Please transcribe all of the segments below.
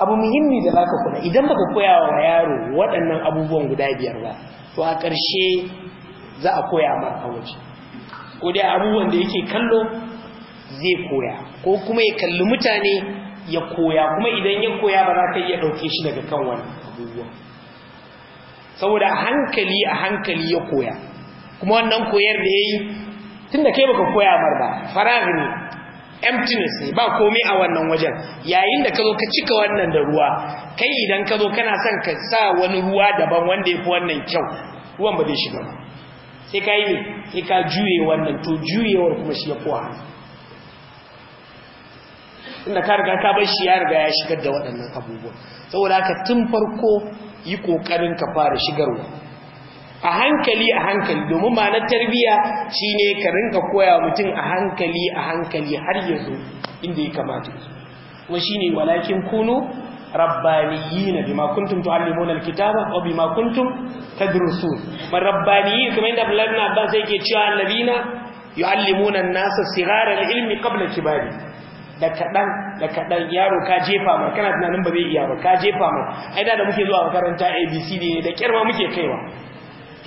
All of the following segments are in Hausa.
abu muhimmi da za ka kula idan baka koya wa yaro waɗannan abubuwan guda biyar ba to a ƙarshe za a koya ma a waje ko dai abubuwan da yake kallo zai koya ko kuma ya kalli mutane ya koya kuma idan ya koya ba za ka iya ɗauke shi daga kan wani abubuwa saboda a hankali a hankali ya koya kuma wannan koyar da ya yi tun da kai baka koya mar ba farar ne emptiness ne ba komai a wannan wajen yayin da ka zo ka cika wannan da ruwa kai idan ka zo kana son ka sa wani ruwa daban wanda ya fi wannan kyau ruwan ba zai shiga ba sai ka yi sai ka juye wannan to juyewar kuma shi ya kowa inda ka riga ka bar shi ya riga ya shigar da waɗannan abubuwan saboda haka tun farko yi ƙoƙarin ka fara shigarwa a hankali a hankali domin ma'anar tarbiyya shine ka rinka koya mutum a hankali a hankali har ya zo inda ya kamata kuma shi ne walakin kunu rabbaniyina bima kuntum tuallimuna alkitaba wa bima kuntum tadrusun man rabbaniyin kuma inda Abdullahi ibn Abbas yake cewa annabina yuallimuna an-nasa sigara al-ilmi qabla kibari da kaɗan da kadan yaro ka jefa mai kana tunanin ba zai iya ba ka jefa mai ai da muke zuwa makaranta ABCD da kirma muke kaiwa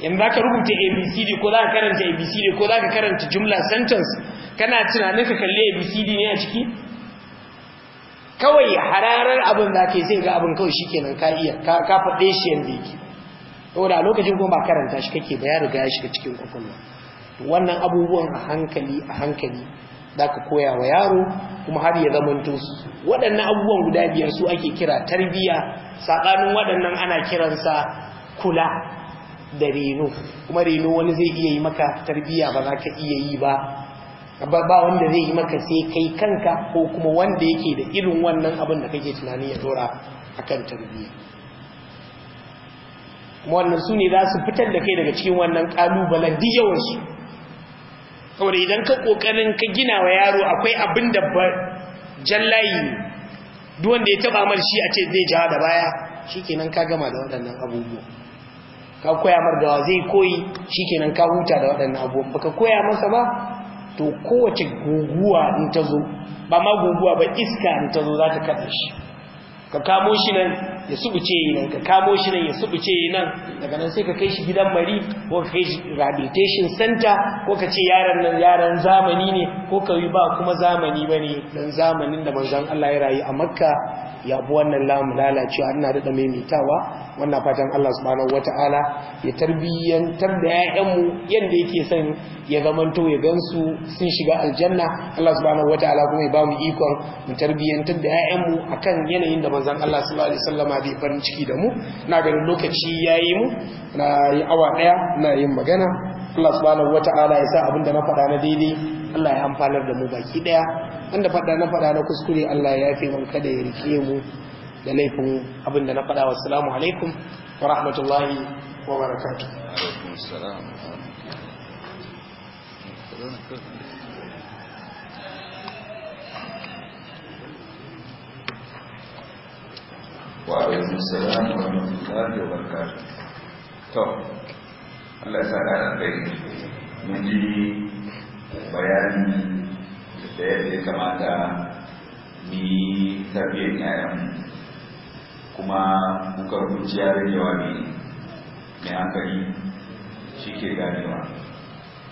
Yanzu za ka rubuta abcd ko za ka karanta abcd ko za ka karanta jumla sentence kana tunanin ka kalli abcd ne a ciki kawai hararar abin za ka yi sai ga abin kawai shi kenan ka iya ka faɗe shi yadda yake saboda lokacin kuma ba karanta shi kake ba ya riga ya shiga cikin kwakwalwa wannan abubuwan a hankali a hankali za ka koya wa yaro kuma har ya zamanto su waɗannan abubuwan guda biyar su ake kira tarbiyya saɓanin waɗannan ana kiransa kula da reno kuma reno wani zai iya yi maka tarbiya ba za ka iya yi ba ba wanda zai yi maka sai kai kanka ko kuma wanda yake da irin wannan abin da kake tunani ya dora akan tarbiya kuma wannan su ne za su fitar da kai daga cikin wannan kalubalen duk yawansu saboda idan ka kokarin ka gina wa yaro akwai abin da jallayi ne duk wanda ya taba mar shi a ce zai jawa da baya shikenan ka gama da waɗannan abubuwa ka koya mar da zai koyi shikenan ka huta da waɗannan abubuwan baka koya masa ba to kowace guguwa in ta zo ba ma guguwa ba iska in ta zo za ta kaɗa shi ka kamo shi nan ya subuce yi nan ka kamo shi nan ya subuce yi nan daga nan sai ka kai shi gidan mari ko ka kai shi rehabilitation center ko ka ce yaran nan yaran zamani ne ko ka yi ba kuma zamani ba ne dan zamanin da manzan Allah ya rayu a makka ya bu wannan lamu lalacewa ina da maimaitawa wannan fatan Allah subhanahu ta'ala ya tarbiyyantar da ƴaƴanmu yanda yake son ya zamanto ya gansu sun shiga aljanna Allah subhanahu ta'ala kuma ya ba mu ikon mu tarbiyyantar da ƴaƴanmu akan yanayin da manzan Allah sallallahu alaihi wasallama da farin ciki da mu na ganin lokaci ya yi mu na yi awa daya na yin magana Allah subhanahu wataala ya sa abinda na faɗa na daidai Allah ya amfanar da mu baki daya wanda faɗa na faɗa na kuskure Allah ya yafe mun kada ya rike mu da laifin abinda na faɗa wa assalamu alaikum wa rahmatullahi wa barakatuh wa alaikum salam wa rahmatullahi wa barakatuh to Allah ya saka da kai mun ji bayani da ya kamata ni tarbiyyar yayan kuma kuka kuciya da jawabi mai hankali shi ke ganewa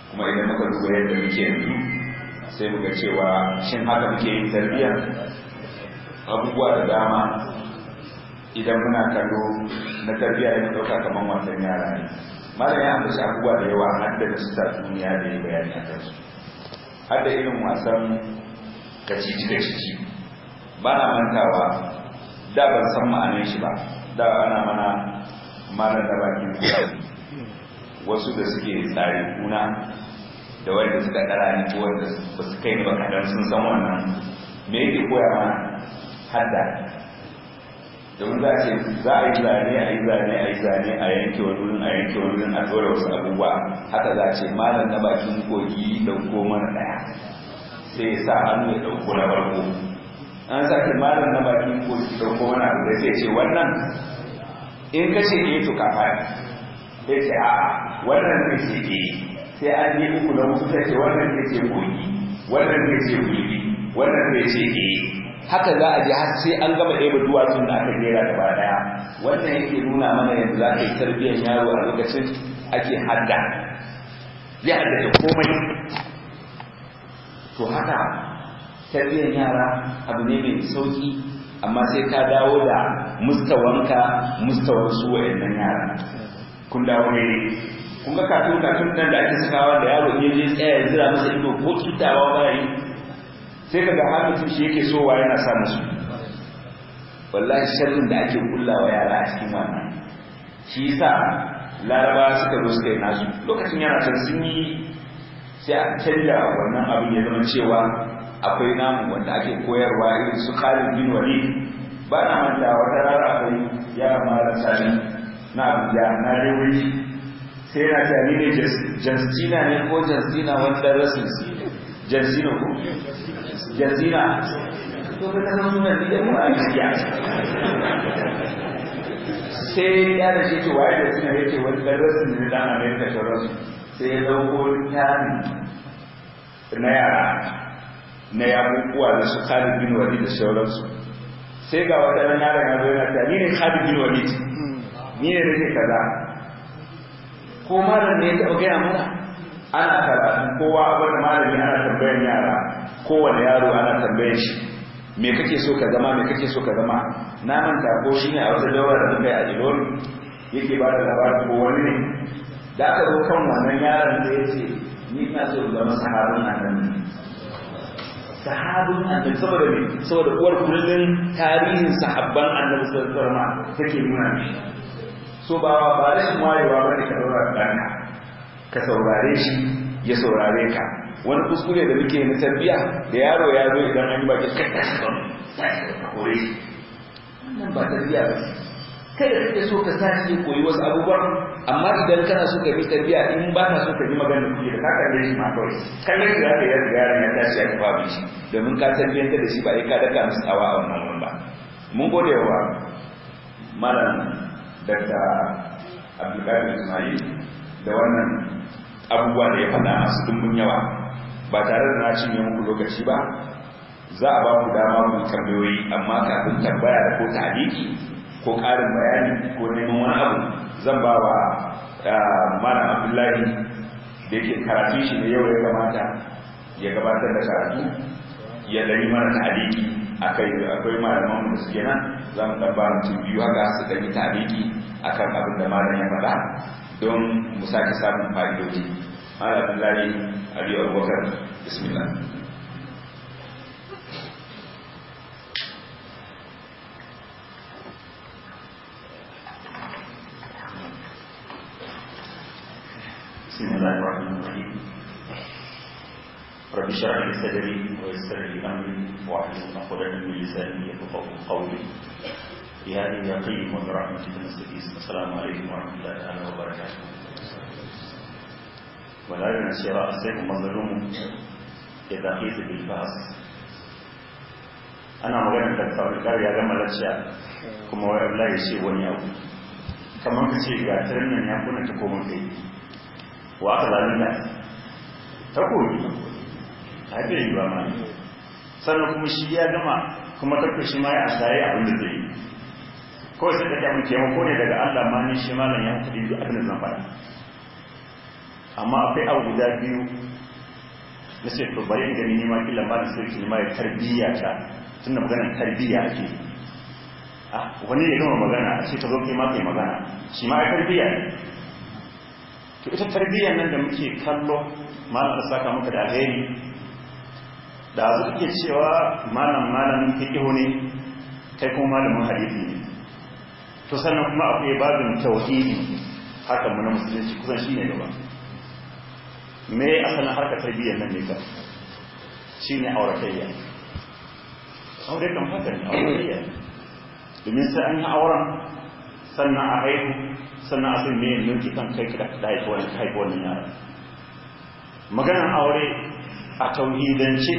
kuma idan muka duba yadda muke yanzu sai muka cewa shin haka muke yin tarbiyya abubuwa da dama idan muna kallo na tafiya ya ɗauka kamar wasan yara ne malam ya ambaci abubuwa da yawa har da su duniya da ya bayani a kansu har da irin wasan kacici da ba na mantawa da ban san ma'anar shi ba da ana mana malam da bakin wasu da suke tsari kuna da wanda suka ɗara ni ko wanda ba su kai ba kaɗan sun san wannan me yake koya mana hadda domin za a ce za a yi zane a yi zane a yi zane a yanke wani wurin a yanke wani wurin a tsora wasu abubuwa haka za a ce malam na bakin kogi dauko mana daya sai ya sa hannu ya dauko na farko an sake malam na bakin kogi dauko mana abu da sai ce wannan in ka ce eh to ka sai ce a'a wannan ne ce eh sai an yi uku na mutu sai ce wannan ne ce kogi wannan ne ce kogi wannan ne ce eh haka za a je har sai an gama ɗaya duwatsun da aka jera gaba daya wannan yake nuna mana yanzu za ka yi tarbiyyar yaro a lokacin ake hadda ya haddace komai to haka tarbiyyar yara abu ne mai sauki amma sai ka dawo da mustawanka mustawar su wa'annan yara kun dawo ne kun ga kafin kafin nan da ake sakawa da yaro in je tsaya ya zira masa ido ko tutawa ba sai ka ga mutum shi yake wa yana sa musu wallahi sharrin da ake kullawa yara a cikin wannan shi yasa laraba suka zo suka yi nasu lokacin yana can sun yi sai a canja wannan abin ya zama cewa akwai namu wanda ake koyarwa irin su kalin bin wani ba na manta wata rara akwai yara da sami na abuja na rewoyi sai yana ta ni ne jansina ne ko jansina wani dan rasin jansina ko jazira to ka san sunan dia mu a gaskiya sai ya da shi to waye da suna yake wani darasin ne dan America ta rasu sai ya dauko littafin na yara na yabubuwa da su Khalid bin Walid da sauransu sai ga wadannan yaran ya zo yana ta ni ne Khalid bin Walid ni ne nake kaza ko malam ne ya gaya mana ana karatu kowa wani malami ana tambayar yara kowane yaro ana tambayar shi me kake so ka zama me kake so ka zama na manta ko ne a wata dawa da kai a Ilon yake ba da labarin ko wani ne da aka zo kan wannan yaron da ya ce ni ina so in zama sahabin annabi sahabin annabi saboda me saboda uwar kullun tarihin sahabban annabi sallallahu alaihi wasallam take nuna shi so ba ba rashin wayewa bane ka daura ka ka saurare shi ya saurare ka wani kuskure da muke na tarbiya da yaro ya zo idan an yi baki kai ka kore wannan ba tarbiya ba da kake so ka sashi ya koyi wasu abubuwan amma idan kana so ka bi tarbiya in ba ka so ka yi magana kuke da ka da shi ma kawai kalle shi za ka yi yaron ya tashi ya kafa bi shi domin ka tarbiyyanta da shi ba ya ka daka musu tsawa a wannan wurin ba mun gode wa malam dakta abdulkadir ismail da wannan abubuwa da ya faɗa su dumbin yawa ba tare da naci ne muku lokaci ba za a ba ku dama mu tambayoyi amma kafin tambaya da ko tariki ko karin bayani ko neman wani abu zan ba wa ah, malam abdullahi da yake karatu shi ne yau ya kamata ya gabatar da karatu ya dari mana taliki akai akwai malaman mu da suke nan za ɗan ba mutum biyu haka su ɗan yi taliki akan abin da malam ya faɗa don mu sake samun fa'idoji ala billahi ali abubakar bismillah بسم الله الرحمن الرحيم رب اشرح لي صدري ويسر لي امري واحلل عقدة من لساني يفقهوا قولي يا يا طيب برحمتك نستغيث السلام عليكم ورحمه الله تعالى وبركاته ولا ينسى راسه مظلوم اذا قيس بالفاس ana magana da fabrikar ya gama lacciya kuma wai Allah ya ce wani abu kamar ka ce ga nan ya kuna ta koma kai wa aka zalunta ta koyi ta bai yi ba kuma shi ya gama kuma asaye zai yi Ko sai da mun taimako ne daga Allah ma ni shi malam ya fadi da abin zan faɗa amma akwai abu guda biyu na sai to bari ga ni nima kila ma da sarki ma ya tarbiyya ta da magana tarbiyya ake ah, wani ya gama magana a ce ta zo kai ma kai magana shi ma ya tarbiyya to ita tarbiyyar nan da muke kallo malam da saka maka da alheri da zuke cewa malam malam fiqh ne kai kuma malamin hadisi ne to sannan kuma akwai babin tauhidi haka mu na musulunci kusan shine gaba me asalin harkar tarbiyyar nan ne ka shine aurakayya aure kan haka ne auratayya domin sai an yi auren sannan a haihu sannan a sai me yanki kan kai kida da haifi wani haifi wani yara maganar aure a tauhidance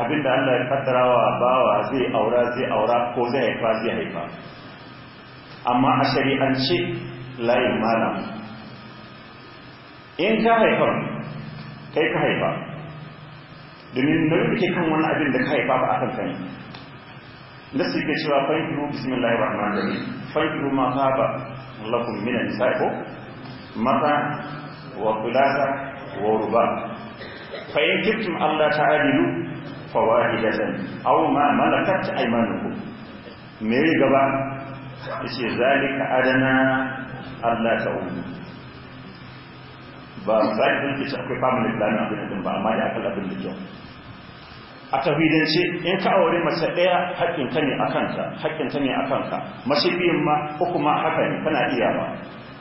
abinda Allah ya kaddara wa bawa zai aura zai aura ko zai haifa zai haifa amma a shari'ance layin malam in ka haifar kai ka haifa domin nauyin da ke kan wani abin da ka haifa ba a kan kane da su ke cewa ba bismillahir da ne fankiru ma ba lakum minan sa'o mata wa kulasa wa ruba allah ta adilu allah ta'adilu fawahidatan aw ma malakat ku me gaba yace zalika adana Allah ta umu ba zalika ce akwai family plan abin da ba amma ya akal abin da kyau a ce in ka aure mace ɗaya haƙƙin ka ne a kanka haƙƙin ka ne a kanka mace biyun ma uku ma haka ne kana iya ba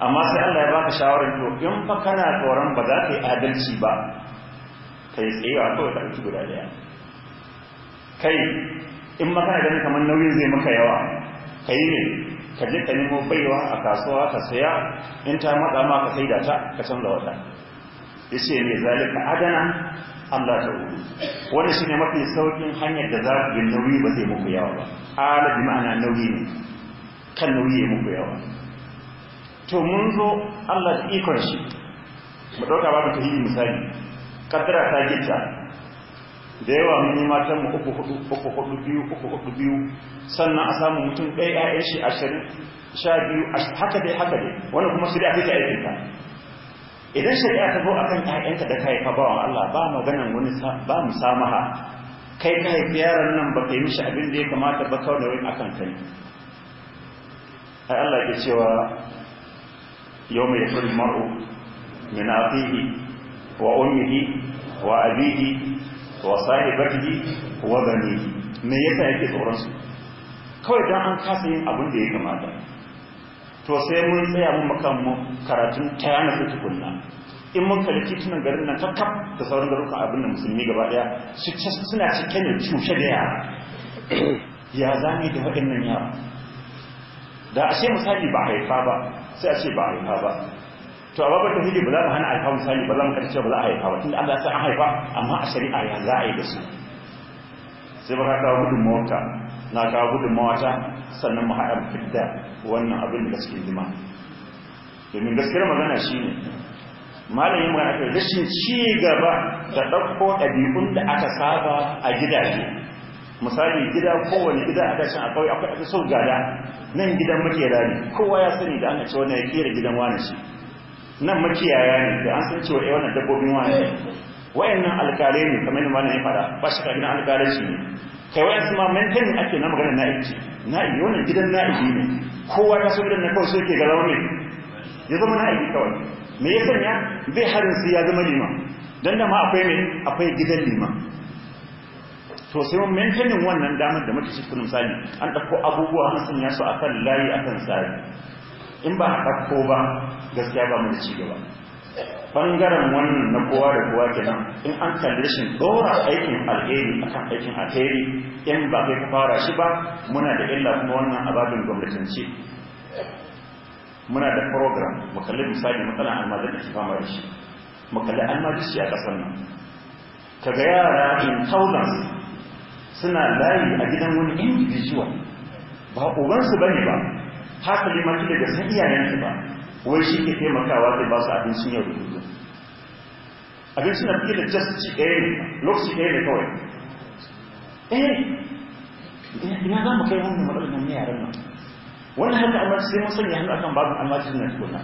amma sai Allah ya baka shawarar to in fa kana tsoron ba za ka yi adalci ba kai tsayewa kawai ka ɗauki guda ɗaya kai in ma kana ganin kamar nauyin zai maka yawa kai ne ka je ka nemo baiwa a kasuwa ka saya in ta matsa ma ka saida ta ka canza wata yace ne zalika adana Allah ta wuri wannan shine mafi saukin hanyar da za ku bi nauyi ba zai muku yawa ba ala bi ma'ana nauyi ne kan nauyi ya muku yawa to mun zo Allah da ikon shi mu dauka babu tahiyi misali kaddara ta gitta da yawa mun yi matan mu uku hudu uku hudu biyu uku hudu biyu sannan a samu mutum ɗaya ƴaƴan shi ashirin sha biyu haka dai haka dai wani kuma shari'a take ta ka idan shari'a ta zo akan ƴaƴanka da kai fa bawan Allah ba maganan wani ba mu samaha kai ka haifi yaron nan ba ka yi mishi abin da ya kamata ba kawai wani akan kai ai Allah ke cewa yau mai mar'u min aqihi wa ummihi wa abihi wa sahibatihi wa banihi me yasa yake tsoron su kawai dan an kasa yin abin da ya kamata to sai mun tsaya mun makan mu karatun tayana su tukunna in mun kalli titunan garin nan kakkaf da sauran garuka abin da musulmi gaba daya suna cike ne cushe da yara ya zani da waɗannan yara da a ashe misali ba haifa ba sai a ce ba haifa ba to amma ta hidi ba za mu hana alfa misali ba za mu karshe ba za a haifa ba tunda Allah ya san an haifa amma a shari'a ya za a yi da su sai ba ka kawo gudun mawata na kawo gudun mawata sannan mu haɗa fidda wannan abin da suke zima domin gaskiyar magana shi ne malamin magana ta rashin ci gaba da ɗauko ɗabi'un da aka saba a gidaje misali gida kowane gida a tashin akwai akwai aka sau gada nan gidan makera ne kowa ya sani da ana ce wani ya kera gidan wani shi nan makiyaya ne da an san cewa eh wannan dabbobin wani wayannan alkalai ne kamar yadda malamin ya fara ba shi ka gidan alkalai shi ne kai wayan su ma maintain ake na magana na iji na iji wannan gidan na iji ne kowa ya so gidan na kawai sai ke ga launi ya zama na iji kawai me ya sanya bai harin su ya zama lima dan da ma akwai mai akwai gidan lima to sai mun maintain wannan damar da muke cikin misali an dauko abubuwa an sanya su akan layi akan tsari in ba a ɗauko ba gaskiya ba mu da ci gaba bangaren wannan na kowa da kowa kenan in an kalli shi dora aikin alheri akan aikin alheri in ba kai fara shi ba muna da illa kuma wannan gwamnatin ce muna da program mu kalli misali matsalan almajiri da fama da shi mu kalli almajiri a kasar nan kaga yara in thousands suna layi a gidan wani individual ba ubansu bane ba haka ma kila da san iyayensu ba wai shi ke taimakawa da ba su abincin yau da kullum abincin da kila just ci ɗaya ne lokaci ɗaya ne kawai eh ina za mu kai wannan matsalolin ne yaran nan wani haka amma sai mun sanya hannu akan babu cikin na tukuna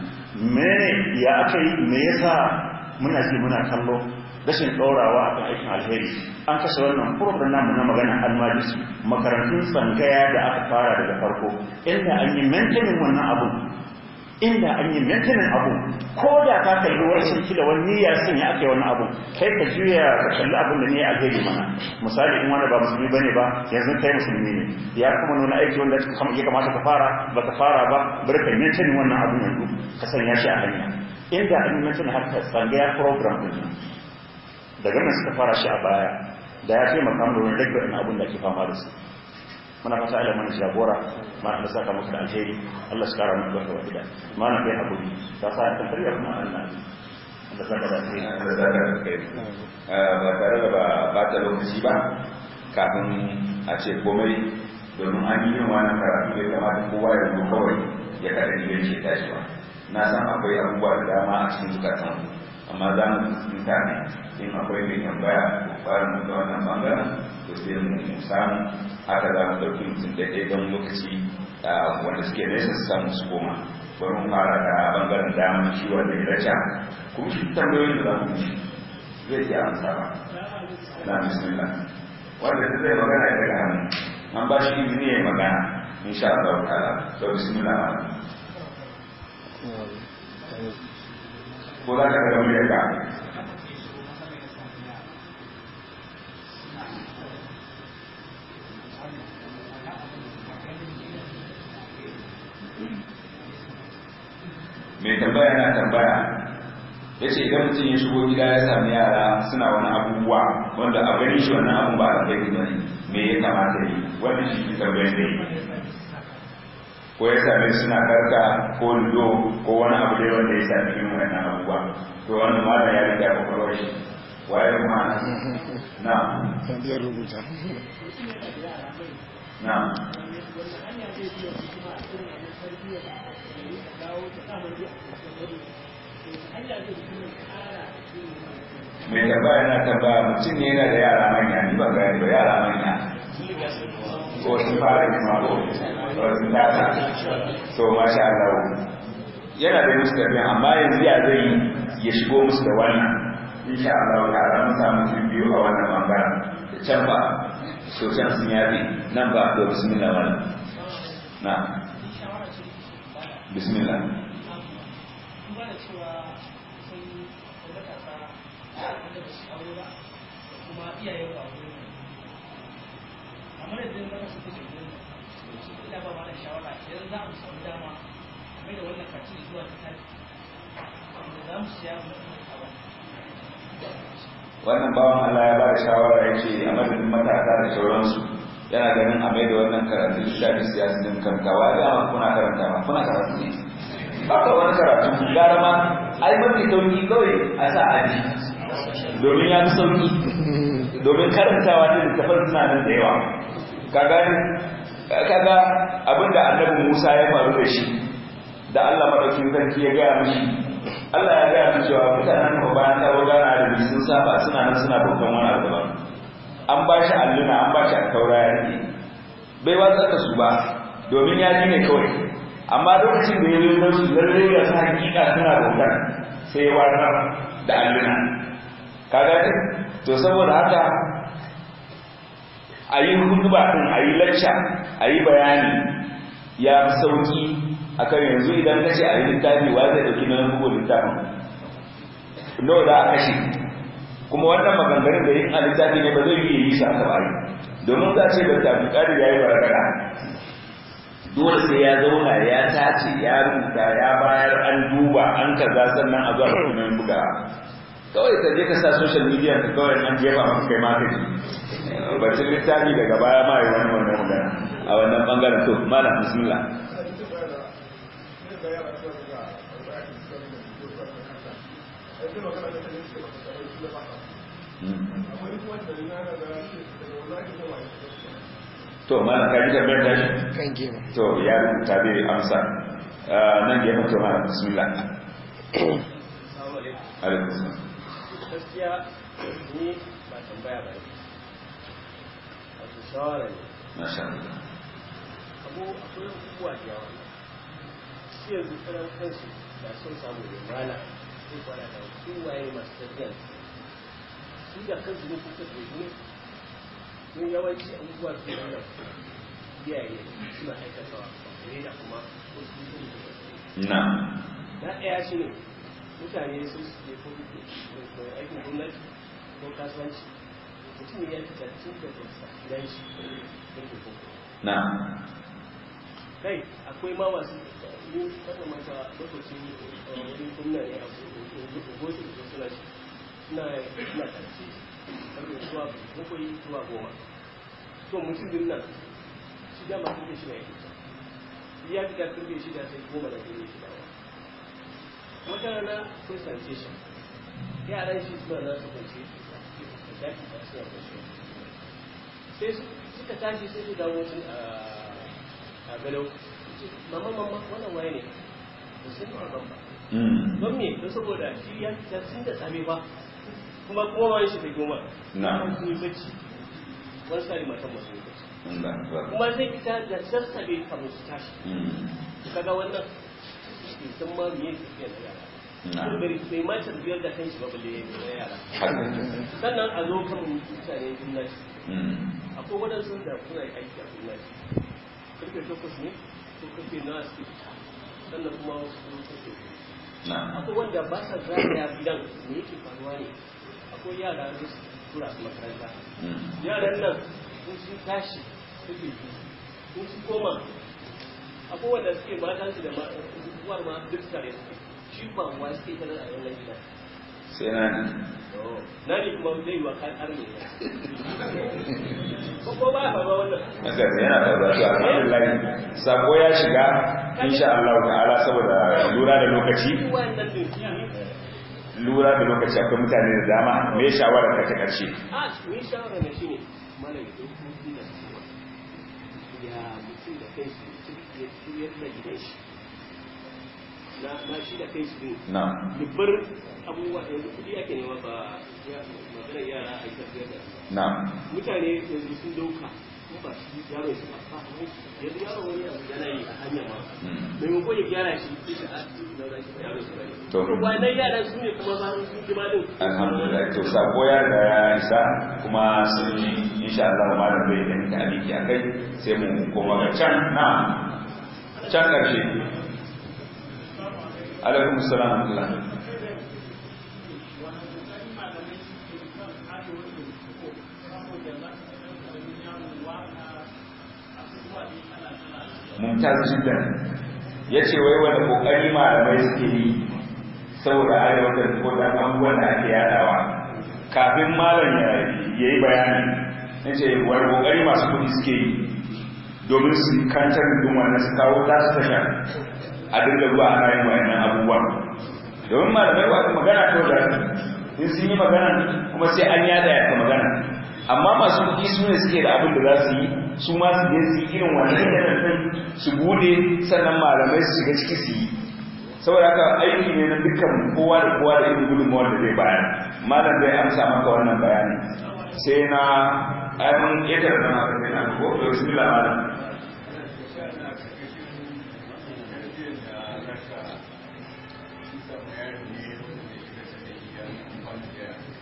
me ya aka yi me yasa muna ji muna kallo rashin ɗorawa akan aikin alheri an kashe wannan program namu na magana almajis makarantun tsangaya da aka fara daga farko inda an yi maintaining wannan abu inda an yi maintenance abu ko da ka kalli wancan da wani niyyar sun ya ake wani abu kai ka juya ka kalli abin da ne alheri mana misali in wani ba musulmi bane ba yanzu kai musulmi ne ya kuma nuna aiki wanda ya kamata ka fara ba ka fara ba bari ka maintenance wannan abin yanzu ka sanya shi a hanya inda an yi maintenance har tsangaya program din daga nan suka fara shi a baya da ya taimaka mu domin rage wannan abun da ke fama da su muna fata Allah mana jagora ma Allah saka muku da alheri Allah su kara muku da wadda mana kai hakuri ta sa ta tarbiya kuma Allah Allah saka da alheri Allah saka da ah, ba tare da ba ta lokaci ba kafin a ce komai domin an yi yin wani karatu ya kamata kowa ya zo kawai ya kada ne ya ce tashi ba na san akwai abubuwa da dama a cikin zukatan amma za mu tsinta ne in akwai mai tambaya ko fara mu ga wannan bangaren ko sai mu samu haka za mu ɗauki mutum da ɗaya don lokaci wanda suke nesa su samu su koma bari mu fara da bangaren dama shi wanda ya raca kuma shi tambayoyin da za mu ci zai iya amsa ba na bismillah wanda zai magana ya daga hannu an ba shi izini ya magana insha Allah ta'ala to bismillah ko za ka daga mai ka mai tambaya yana tambaya ya ce idan mutum ya shigo gida ya sami yara suna wani abubuwa wanda a gani shi wannan abun ba a bai ne me ya kamata yi wani shi ke tambayar da yi ko ya sami suna karka ko lido ko wani abu dai wanda ya sami irin wannan abubuwa to wannan ma ya riga kwakwalwar shi wayar ma na sandiyar rubuta na mai tambaya yana tambaya mutum ne yana da yara manya ni ba yara manya ko sun fara girma ko sun tasa so masha Allah yana da musu amma yanzu ya zai yi ya shigo musu da wannan insha Allah ta ala mun samu biyu a wannan bangaren da can ba so can sun yafi nan ba to bismillah wannan na bismillah kamar yadda na rasu kuke gudun da su ila ba ma da shawara yanzu za a samu dama da wannan kaci zuwa ta za mu siya mu wannan bawan Allah ya ba da shawara ya ce a madadin matasa da sauransu yana ganin a da wannan karatu shafi siyasa din karantawa ya ma kuna karanta ma kuna karatu ne ba ka wani karatu gara ma ai mafi sauki kawai a sa aji domin ya fi sauki domin karantawa ne da tafar suna nan da yawa kaga kaga abinda annabi Musa ya faru da shi da Allah madaukin sarki ya gaya mishi Allah ya gaya mishi cewa mutanen ko bayan ta gana da bi sun saba suna nan suna dukkan wani abu an ba shi alluna an ba shi alkaura ya rike bai watsar ka su ba domin ya ji ne kawai amma lokacin da ya zo don su lalle ya sa hakika suna sai ya da alluna kaga to saboda haka a yi hudu ɗin a yi lacca a yi bayani ya fi sauƙi akan yanzu idan kace a yi littafi wa zai dauki nan bugun littafin nawa za a kashe kuma wannan maganganun da yin a littafi ne ba zai yi yi sa ba domin za a ce da tafi ƙari ya yi barakara dole sai ya zauna ya tace ya rubuta ya bayar an duba an kaza sannan a zuwa yin buga kawai ta je ka sa social media ka kawai an jefa maka kai ma bacin littafi daga baya ma yi wani wannan magana a wannan bangaren to malam bismillah to mana ka ji tambayar tashi thank you to ya amsa ah, nan to mana bismillah gaskiya ni ba tambaya ba shawara ne masha abu akwai da yawa karan kansu da sun samu limana zai kwana da su waye masu tafiya su da kan su ne kuka teku sun yawanci abubuwa su wannan iyaye Na. aikatawa ne da kuma wasu sun da na na ɗaya shi ne mutane sun suke ko aikin gwamnati ko kasuwanci mutum ya fita tun da kansa gidan shi na kai akwai ma masu to mutumin nan shi dama turbe shi na ya kusa ya ga turbe shi da sai goma da turbe shi dawa wata rana kun sance shi yaran shi suna na su kunce da shi da suna kunce sai suka tashi sai su dawo sun a ah, gado ah, mamman mamman wannan waye ne ba sai ba ba hmm. don me don saboda shi ya sun da tsame ba kuma kuma wani shi bai goma na kuma bacci wani sari matan masu yi bacci kuma zai fita da sassabe kamar su tashi hmm. kaga wannan sun ma me yake tafiya da yara bai ma tarbiyar da kanshi ba balle ya yara sannan a zo kan mutane gimnati hmm. akwai waɗansu da kuna aiki a gimnati karfe takwas ne akwai wanda ba sa gane gidan me yake faruwa ne akwai yara da su tura su makaranta mm. yaran nan sun sun tashi suke sun su koma akwai wanda suke matansu da uwar ma duk tare suke shi ba wa suke tare a yanar gidan sai na nani kuma zai wa kan ko ba wannan yana da zafi sako ya shiga insha Allah ta'ala saboda lura da lokaci lura da lokaci akwai mutane da dama me shawara ka ta karshe a me shawara ne da ya mutum da kai gidan shi na shi da kai su Na. dubbar abubuwa yanzu kudi ake nema ba maganar yara a yi da. Na. mutane yanzu sun dauka ba shi yaro shi ba yanzu yaro wani yana yi a hanya ma hmm. maimakon ya gyara shi shi a yaro shi ba to wannan yaran su ne kuma ba su ji malin alhamdulillah to sako ya da ya isa kuma sun ji insha Allah malam bai da ka aliki akai sai mu koma ga can na can karshe alaikum salam mumtaz jiddan yace wai wani kokari malamai suke yi saboda arewa da ko da abubuwan da ake yadawa kafin malam ya yi bayani ce wani kokari masu kudi suke yi domin su kantar da wannan su kawo tasu tashar tasha a dinga zuwa ana yin wayannan abubuwan domin malamai wata magana ko da in sun yi magana kuma sai an yada ya magana amma masu kuɗi su ne suke da abin da za su yi su ma su je su yi irin wannan yanayin su bude sannan malamai su shiga ciki su yi saboda haka aiki ne na dukkan kowa da kowa da irin gudunmawar da zai bayar malam zai amsa maka wannan bayani sai na ayyukan ƙetare da masu kai na ko na malam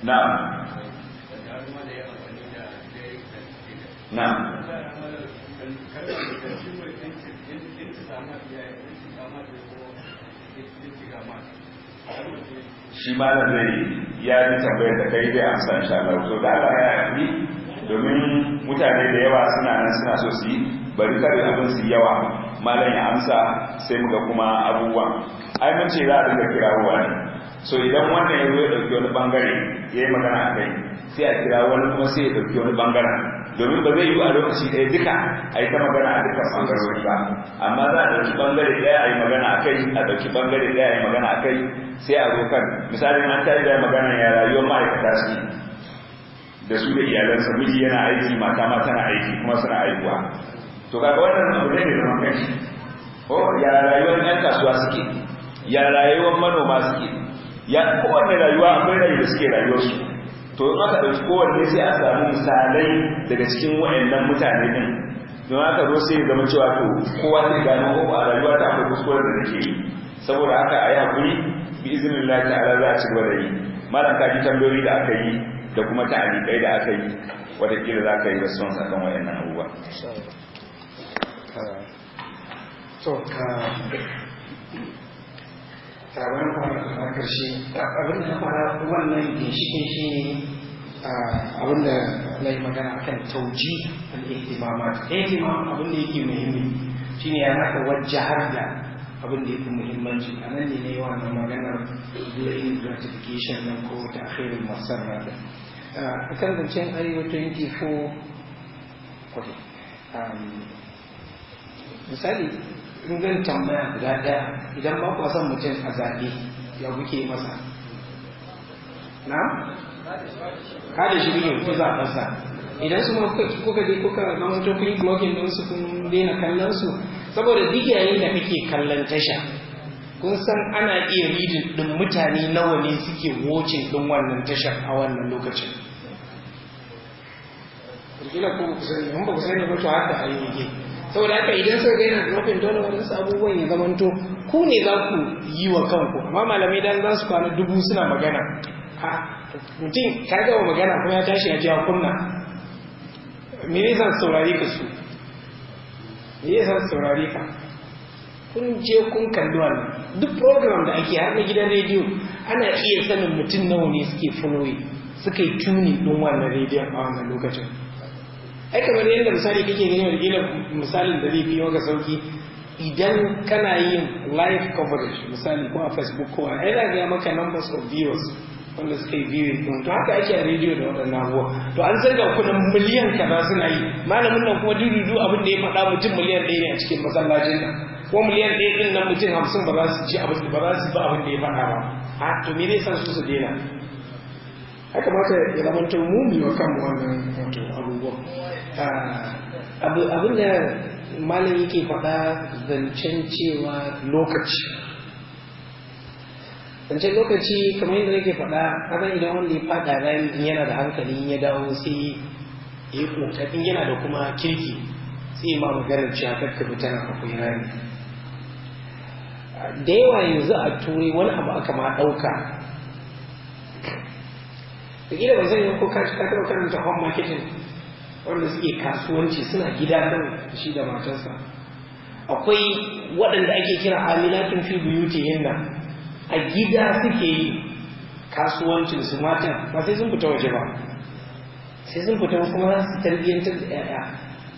na'am na'am shi ma da zai ya ji tambayar da kai zai amsa insha Allah to da Allah ya yi domin mutane da yawa suna nan suna so su yi bari kare abin su yawa malam ya amsa sai muka kuma abubuwa ai mun ce za a dinga kirawowa ne so idan wannan ya zo ya dauki wani bangare ya yi magana a kai sai a kira wani kuma sai ya dauki wani bangare. domin ba zai yi a lokaci ɗaya duka a yi ta magana a duka bangarori ba amma za a dauki bangare ɗaya a yi magana a kai a dauki bangare ɗaya a yi magana a kai sai a zo kan misali an ta yi da magana ya rayuwar ma'aikata su da su da iyalansa miji yana aiki mata ma tana aiki kuma suna aikuwa to kaga wannan abu ne da zaman kanshi ko ya rayuwar yan kasuwa suke ya rayuwar manoma suke ya kowanne rayuwa akwai rayuwa da suke rayuwarsu to in aka ɗauki kowanne sai a samu misalai daga cikin wa'annan mutane din don haka zo sai zama cewa to kowa zai gano ko oh, a rayuwa ta akwai kuskuren da nake yi saboda haka a yi hakuri bi izinin Allah ta'ala za a ci gaba da yi malam ka ji tambayoyi da aka yi da kuma ta'alibai da aka yi watakila za ka yi sakon wayan nan abubuwa so ka taron kwanar karshe abin da fara wannan ginshikin shi ne abin da na yi magana kan tauji al-ihtimamat eh, ihtimam abin da yake muhimmi ne ya wajen har da abin da yake muhimmanci a nan ne ne wannan maganar doing gratification na ko ta akhirin masar da a kan zancen arewa 24 kwaje um, misali in tambaya guda ɗaya idan ba kuwa son mutum a zaɓe ya buke masa na? ka da shi ne a zaɓarsa idan su ma kuka je kuka na mutum kun yi blogin su kun daina kallon su saboda duk yayin da kake kallon tasha kun san ana iya ridin ɗin mutane nawa ne suke wocin ɗin wannan tashar a wannan lokacin kila ko ku sani in ba ku sani ba to har da ayyuke saboda haka idan suka ga yana dropping dole waɗansu abubuwan ya zamanto ku ne za ku yi wa kanku amma malamai dan za su kwana dubu suna magana a mutum ka gama magana kuma ya tashi ya ji kunna me zan saurari ka su me san saurare ka kun je kun kalli wannan duk program da ake har na gidan rediyo ana iya sanin mutum nawa ne suke fuloyi suka yi tuni ɗin wannan rediyo a wannan lokacin ai kamar yadda misali kake gani wani gina misalin da zai fi maka sauki idan kana yin live coverage misali ko a facebook ko a ai ga maka numbers of viewers wanda suka yi biyu ɗin to haka ake a rediyo da waɗannan abuwa to an zarga kuɗin miliyan kaza suna yi malamin nan kuma dudu abin da ya faɗa mutum miliyan ɗaya ne a cikin masallacin nan ko miliyan ɗaya ɗin nan mutum hamsin ba za su ci abin ba za su ba abin da ya faɗa ba a to me zai san su su daina ya kamata ya zamanta mu mu wa kanmu wannan wato abubuwan abin da malam yake faɗa zancen cewa lokaci wancan lokaci kamar yadda nake faɗa kaga idan wanda ya faɗa ran in yana da hankali ya dawo sai ya yi ƙoƙarin yana da kuma kirki sai ya ma maganar cewa kakka fita akwai rami da yawa yanzu a turai wani abu aka ma ɗauka da gida ban yi ko kashi kakar karanta home marketing wanda suke kasuwanci suna gida nan shi da matarsa akwai waɗanda ake kira amilatun fi yin nan a gida suke yi kasuwancin su matan ba sai sun fita waje ba sai sun fita kuma za su tarbiyyantar da 'ya'ya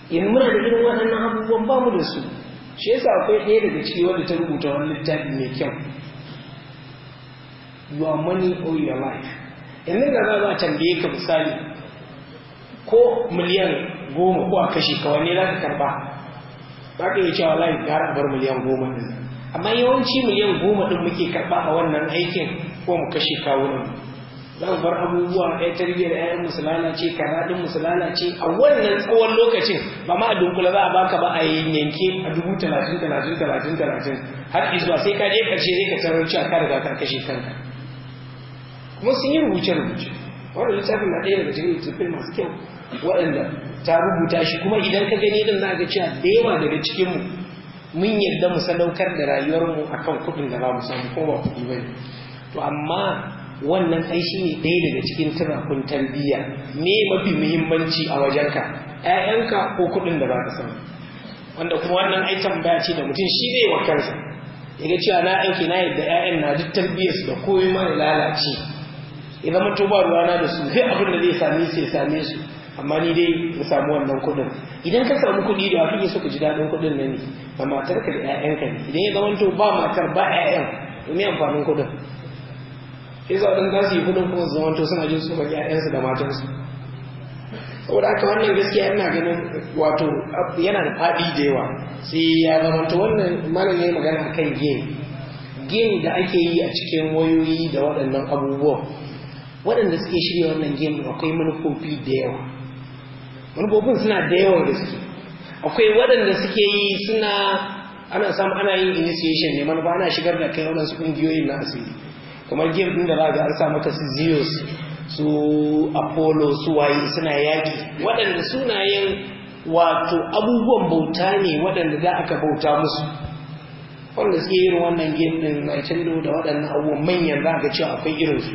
in muna da irin waɗannan abubuwan ba mu da su shi yasa akwai ɗaya daga ciki wanda ta rubuta wani littafi mai kyau your money or your life yanzu da za a tambaye ka misali ko miliyan goma ko a kashe ka wanne za ka karba za ka iya cewa lai gara a bar miliyan goma ne amma yawanci miliyan goma ɗin muke karɓa a wannan aikin ko mu kashe kawunan za mu bar abubuwa ɗaya tarbiyyar ƴaƴan musu lalace kaza ɗin musu lalace a wannan tsawon lokacin ba ma a dunkula za a baka ba a yanke a dubu talatin talatin talatin talatin har izuwa sai ka je ƙarshe zai ka tarar cewa ka riga ka kashe kanka kuma sun yi rubuce rubuce wannan littafin na ɗaya daga cikin littattafai masu kyau waɗanda ta rubuta shi kuma idan ka gani ɗin za ka cewa da yawa daga cikinmu mun yarda mu sadaukar da rayuwarmu kan kuɗin da ba mu samu ko ba kuɗi ba to amma wannan ai shi ne ɗaya daga cikin tunakun tarbiyya me mafi muhimmanci a wajenka ƴaƴanka ko kuɗin da ba ka samu wanda kuma wannan ai tambaya ce da mutum shi zai wa kansa ya cewa na aiki na yadda ƴaƴan na duk tarbiyyarsu da komai mara lalace idan mutum ba ruwana da su sai abin da zai same su ya same su amma ni dai mu samu wannan kuɗin idan ka samu kuɗi da kake so ka ji daɗin kuɗin nan ne da matarka da 'ya'yanka ne idan ya zama to ba matar ba 'ya'yan me amfanin kudin shi sa za su yi kuɗin kuma su zama to suna jin tsoron su da matansu saboda haka wannan gaskiya ina ganin wato yana da faɗi da yawa sai ya zama to wannan malam yayi magana akan game game da ake yi a cikin wayoyi da waɗannan abubuwan waɗanda suke shirya wannan game akwai manufofi da yawa manufofin suna da yawa gaske akwai waɗanda suke yi suna ana samu ana yin initiation ne manufa ana shigar da kai waɗansu ƙungiyoyin na asiri kamar game ɗin da za ga an sa maka su zeus su apollo su waye suna yaƙi waɗanda sunayen wato abubuwan bauta ne waɗanda za ka bauta musu wanda suke yin wannan game ɗin nintendo da waɗannan abubuwan manyan za ga cewa akwai irin su,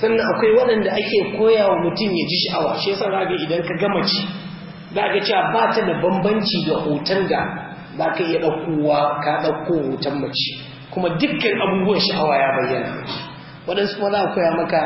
sannan akwai waɗanda ake koya wa mutum ya ji sha'awa shi yasa za idan ka gama ci za ka cewa ba ta da bambanci ga hoton da za ka iya ɗaukowa ka ɗauko hoton mace kuma dukkan abubuwan sha'awa ya bayyana waɗansu ma za a koya maka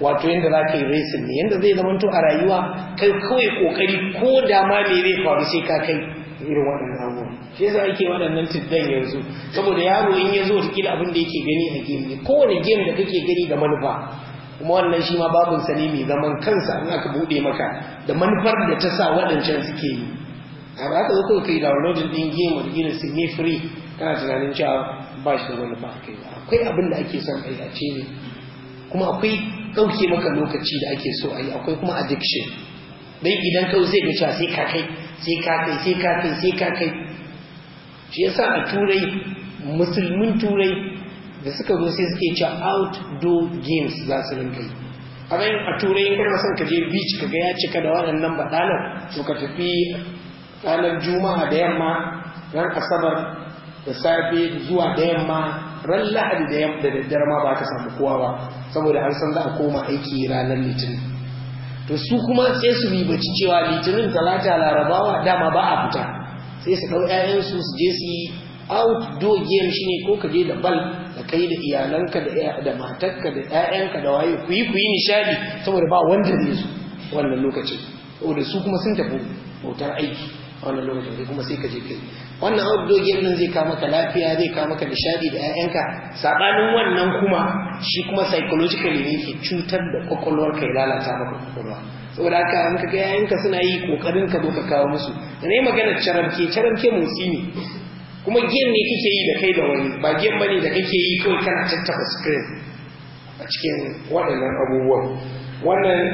wato yadda za ka yi resin ne yadda zai zamanto a rayuwa kai kawai kokari ko da ma zai faru sai ka kai irin waɗannan abubuwa shi yasa ake waɗannan tuddan yanzu saboda yaro in ya zo da abin da yake gani a game kowane game da kake gani da manufa kuma wannan shi ma babin sani mai zaman kansa in aka buɗe maka da manufar da ta sa waɗancan suke yi a ba ka zo kawai kai downloading ɗin game da gina su ne kana tunanin cewa ba shi da wani ba kai akwai abin da ake son kai a ce ne kuma akwai ɗauke maka lokaci da ake so a yi akwai kuma addiction dai idan kawai sai ga cewa sai ka kai sai ka kai sai ka kai sai ka kai shi yasa a turai musulmin turai da suka zo sai suke cewa outdoor games za su rinka yi abin a turai in kuma son ka je beach ka ga ya cika da waɗannan baɗalar to ka tafi ranar juma'a da yamma ran asabar da safe zuwa da yamma ran lahadi da yamma da daddare ma ba ka samu kowa ba saboda an san za a koma aiki ranar litinin to su kuma sai su baci cewa litinin talata larabawa dama ba a fita sai su ɗau 'ya'yansu su je su yi outdoor game shine ko ka je da bal da kai da iyalanka da da matarka da ƴaƴanka da waye ku yi ku yi nishadi saboda ba wanda zai su wannan lokacin saboda su kuma sun tafi motar aiki a wannan lokacin sai kuma sai ka je kai wannan outdoor game din zai kawo maka lafiya zai kawo maka nishadi da ƴaƴanka sabanin wannan kuma shi kuma psychologically ne yake cutar da kwakwalwarka ya lalata maka kwakwalwa saboda haka in ka ga yayanka suna yi kokarin ka zo ka kawo musu da ne magana caramke caramke motsi ne kuma game ne kake yi da kai da wani ba game bane da kake yi kawai kana tattaba screen a cikin waɗannan abubuwan wannan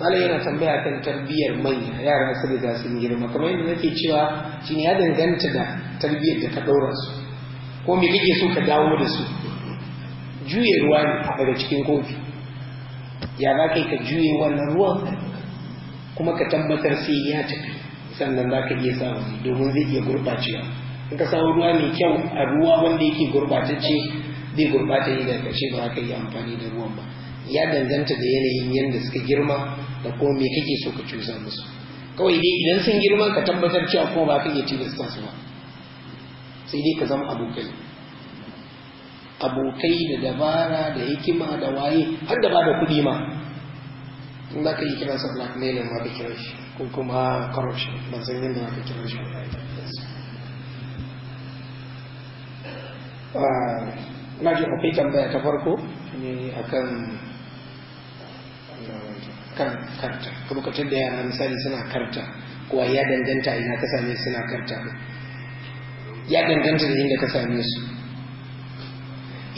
malam yana tambaya kan tarbiyyar manya yara su riga sun girma kamar yadda nake cewa shine ya danganta da tarbiyyar da ka ɗaura su ko me kake so ka dawo da su juye ruwa ne daga cikin kofi ya za ka juye wannan ruwan kuma ka tabbatar sai ya tafi sannan za ka iya sa domin zai iya gurɓacewa in ka samu ruwa mai kyau a ruwa wanda yake gurɓatacce zai gurɓata yi daga ce ba ka yi amfani da ruwan ba ya danganta da yanayin yadda suka girma da kuma me kake so ka cusa musu kawai dai idan sun girma ka tabbatar cewa kuma ba ka iya tilasta su ba sai dai ka zama abokai abokai da dabara da hikima da waye har da ba da kuɗi ma in za ka yi kiransa blackmailing ma ka kira shi ko kuma corruption ban san yadda fi kira shi na ji akwai tambaya ta farko ne akan kan karta lokacin da yara misali suna karta kuwa ya danganta ina ka same suna karta ya danganta da inda ka same su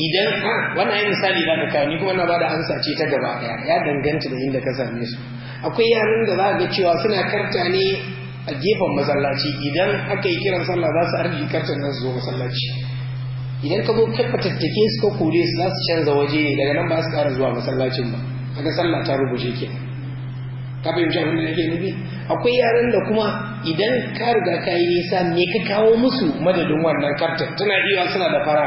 idan a wannan ya misali ba da kawo ni kuma na ba da ansa ce ta gaba ya danganta da inda ka same su akwai yaran da za a ga cewa suna karta ne a gefen masallaci idan aka yi kiran sallah za su arziki karta nan su zo masallaci idan ka zo kafa tattake su ka kore su za su canza waje ne daga nan ba su ƙara zuwa masallacin ba kaga sallah ta rubuce ke ka fahimci abin da nake nufi akwai yaran da kuma idan ka riga ka yi nisa me ka kawo musu madadin wannan kartar tana iya suna da fara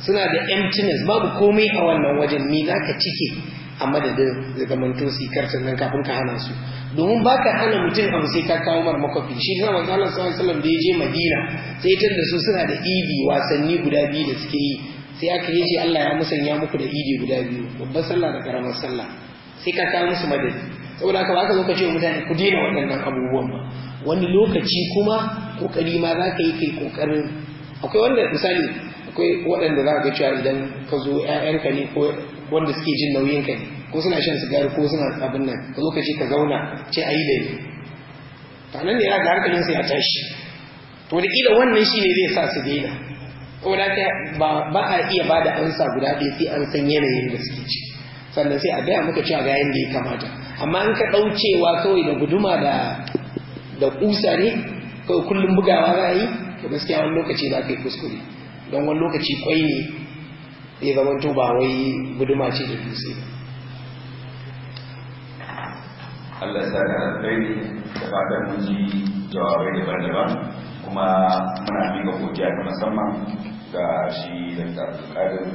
suna da emptiness babu komai a wannan wajen me za ka cike a madadin da zamanto sikartar nan kafin ka hana su domin ba ka hana mutum a sai ka kawo mara makwafi shi sa manzo Allah sallallahu alaihi wasallam da ya je Madina sai tun da su suna da idi wasanni guda biyu da suke yi sai aka yi ce Allah ya musanya muku da idi guda biyu babbar sallah da karamar sallah sai ka kawo musu madadi saboda haka ba ka zo ka ce mutane ku daina waɗannan abubuwan ba wani lokaci kuma kokari ma za ka yi kai kokarin akwai wanda misali akwai waɗanda za ka ga cewa idan ka zo 'ya'yanka ne ko wanda suke jin nauyin kai ko suna shan sigari ko suna abin nan ka zo ka zauna ce ayi da ni to nan ne ya ga hankalin sai a tashi to da kila wannan shine zai sa su daina Ko da ka ba a iya bada da ansa guda ɗaya sai an san yanayin da suke ci sannan sai a gaya maka cewa ga yanda ya kamata amma in ka ɗaucewa kawai da guduma da da kusa ne kawai kullum bugawa za a yi to gaskiya wani lokaci za ka yi kuskure don wani lokaci kwai ne ya zama to ba wai guduma ce da dutse Allah sa da rai da fatan mun ji jawabai daban-daban kuma muna miƙa godiya ta musamman ga shi da Abdulkadir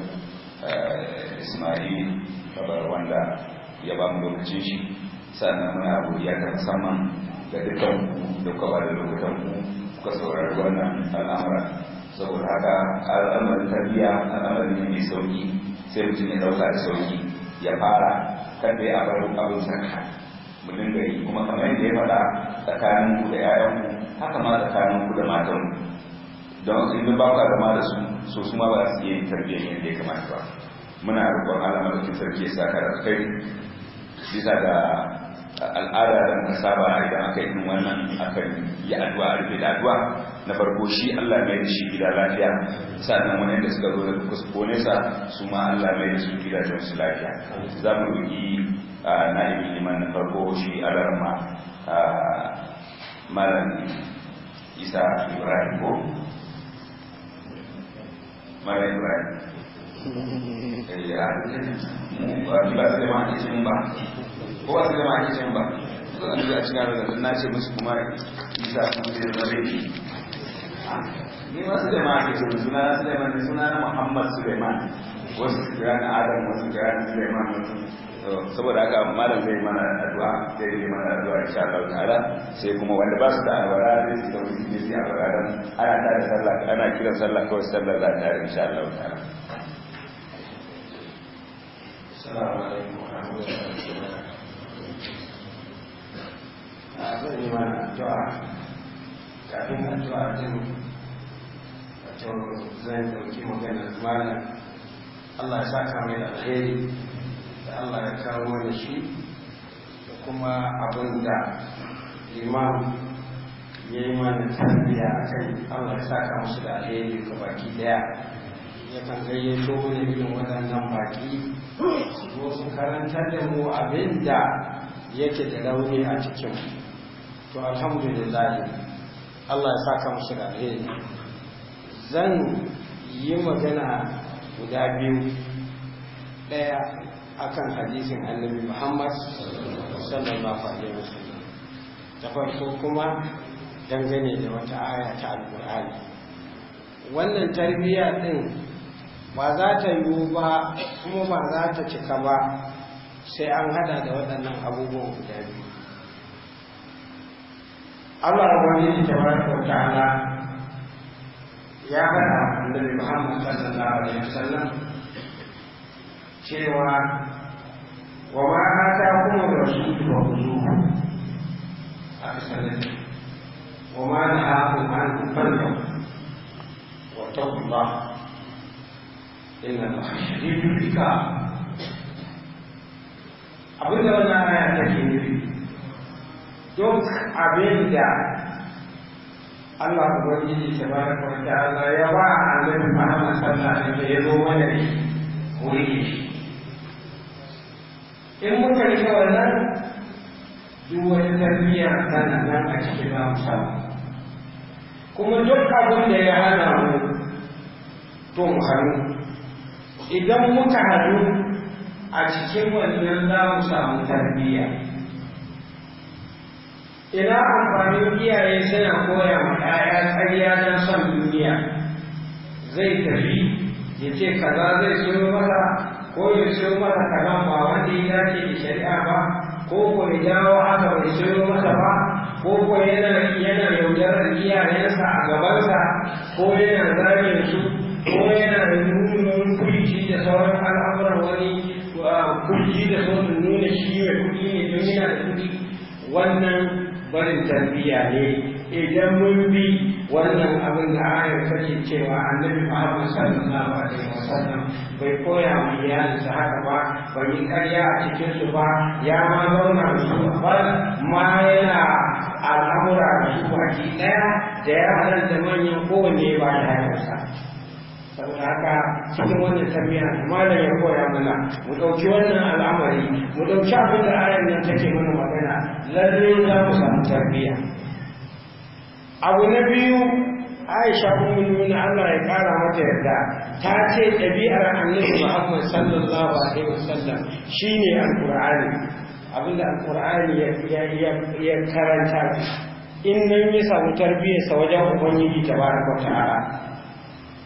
eh, Ismail kabar wanda ya ba mu lokacin shi sannan muna godiya ta musamman ga dukkan da kuka da lokutan ku kuka saurari wannan al'amura saboda haka al'amarin tarbiyya al'amarin ne mai sauki sai mutum ya dauka da sauki ya fara kada ya bar abin saka mutum dinga kuma kamar yadda ya faɗa tsakanin ku da yayanku haka ma tsakanin ku da matan don in ba ku zama da su so su ma ba su iya yin tarbiyyar yadda ya kamata ba muna roƙon Allah madaukin sarki ya ka da kai bisa ga al'ada da muka saba idan aka yi wannan aka yi addu'a a rufe da addu'a na farko shi Allah mai da shi gida lafiya sannan wani da suka zo daga kuskone sa su ma Allah mai da su gidajen su lafiya za mu yi na'ibin liman na farko shi alarma malam isa ibrahim ko malam ibrahim ba ce musu kuma isa ni ma su ne muhammad suleiman wasu su na adam wasu kira na suleiman saboda haka malam zai mana addu'a zai yi mana addu'a insha Allah ta'ala sai kuma wanda ba su da alwara zai su da wani ne sai alwara ana ta da sallah ana kiran sallah kawai sallar za ta insha Allah ta'ala السلام عليكم ورحمة الله وبركاته zan yi mana addu'a kafin addu'a din wato zan dauki maganar malam Allah ya saka mai alheri da Allah ya kawo mana shi da kuma abin da imam ya mana tarbiyya a kai Allah ya saka musu da alheri ga baki ɗaya. yakan gayyato mana irin waɗannan baƙi ko su karantar da mu abin da yake da rauni a cikin to alhamdulillah Allah ya saka musu da ne zan yi magana guda biyu ɗaya akan hadisin annabi Muhammad sallallahu alaihi wasallam da farko kuma dangane da wata aya ta alƙur'ani wannan tarbiyya din ba za ta yiwu ba kuma ba za ta cika ba sai an hada da waɗannan abubuwan guda biyu Allah wani da tabaraka wa ta'ala ya hada annabi Muhammad sallallahu alaihi wasallam cewa wa ma ataakum rasulu wa khudhuhu a sallallahu wa ma na anhu da wa kuma إلا الله شديد العقاب abin da wannan aya take duk abin da Allah Ubangiji ta bada Allah ya ba a annabi Muhammad mana ne ko yake shi in muka rike wannan duk wani tarbiyya tana nan kuma duk abin ya hana mu idan muka haɗu a cikin wannan za mu samu tarbiyya ina amfanin iyaye suna koya ma 'ya'ya tsariya don son duniya zai tafi ya ce kaza zai siyo masa ko ya siyo masa kaza ba wanda ya dace da shari'a ba ko ko ya jawo haka bai siyo masa ba ko ko yana yana yaudarar iyayensa a gabansa ko yana zame su kuma yana da nunan kulki da sauran al'amuran wani kulki da sauran nuna shi ne don yana da wannan barin tarbiyya idan mun bi wannan abin da ayar take cewa annabi Muhammad sallallahu alaihi wasallam bai koya wa iyalinsa haka ba bai yi karya a cikin su ya ma zauna da su ma yana al'amura da su baki daya da ya ba saboda haka cikin wannan tarbiyya malam ya koya mana mu ɗauki wannan al'amari mu ɗauki abin da ayan nan take mana magana lallai za mu samu tarbiyya abu na biyu aisha ummul Allah ya kara mata yarda ta ce ɗabi'ar annabi Muhammad sallallahu alaihi wasallam shine alqur'ani abinda alqur'ani ya ya karanta in nan ya samu tarbiyyarsa wajen ubangiji tabaraka ta'ala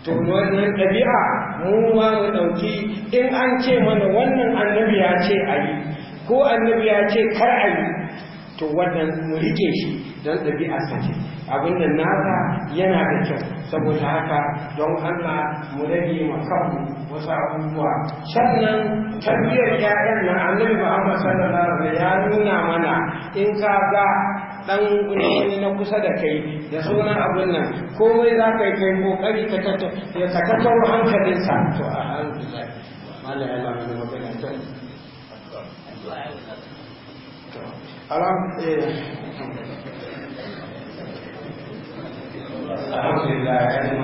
to wannan ɗabi'a mu ma mu ɗauki in an ce mana wannan annabi ya ce a ko annabi ya ce kar ayi yi to wannan mu rike shi don ɗabi'a sace abin da nasa yana da kyau saboda haka don Allah mu rage ma kanmu wasu abubuwa sannan tarbiyyar yayan nan annabi Muhammad sallallahu alaihi ya nuna mana in ka ga ɗan wani na kusa da kai da sunan abin nan komai za ka yi kai kokari ka tattaro sa to a hankali mala ya lamu da magana ta eh alhamdulillah ya zama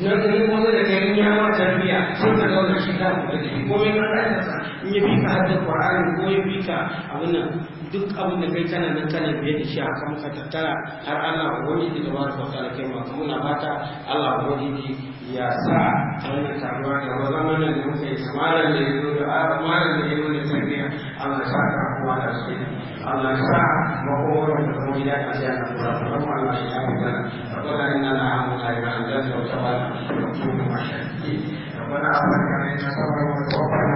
na kai kuma da ganin ya ma tarbiya sun ka zauna shi ta kuma da shi komai na ɗakinsa in ya bi ka haddar ko ya abin duk abin da kai kana nan kana biye da shi a kan ka tattara har Allah wani da ba ta tsara kai ma muna fata Allah wani ya sa wannan taruwa da wannan nan da muka samaran da ya da ah, amaran da ya da tarbiya Allah sangat kuat asli. Allah sangat mohon kemudian kasihan kepada orang orang yang sangat. Tetapi dari nama kamu saya mengajar sesuatu untuk masyarakat. Tetapi apa yang kami nak sampaikan kepada orang orang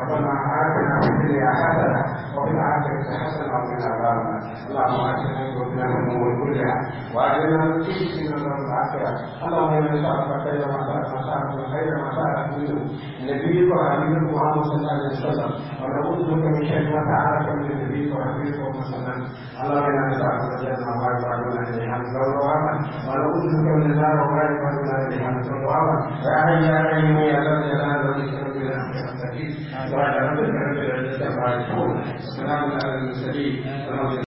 ربنا آتنا في الدنيا حسنة وفي الآخرة حسنة وقنا عذاب النار اللهم آتنا وقنا الأمور كلها وأجرنا من كل شيء من العافية اللهم إنا نسألك خير ما سألت نسألك خير ما سألت منه نبيك وحبيبك محمد صلى الله عليه وسلم ونعوذ بك من شر ما تعرف من نبيك وحبيبك محمد صلى الله عليه وسلم اللهم إنا نسألك الجنة وما يفعلون إليها من قول وعمل ونعوذ بك من النار وما يفعلون إليها من قول وعمل يا حي يا قيوم يا ذا الجلال والإكرام على المستقيم وعلى رب العالمين السلام على المرسلين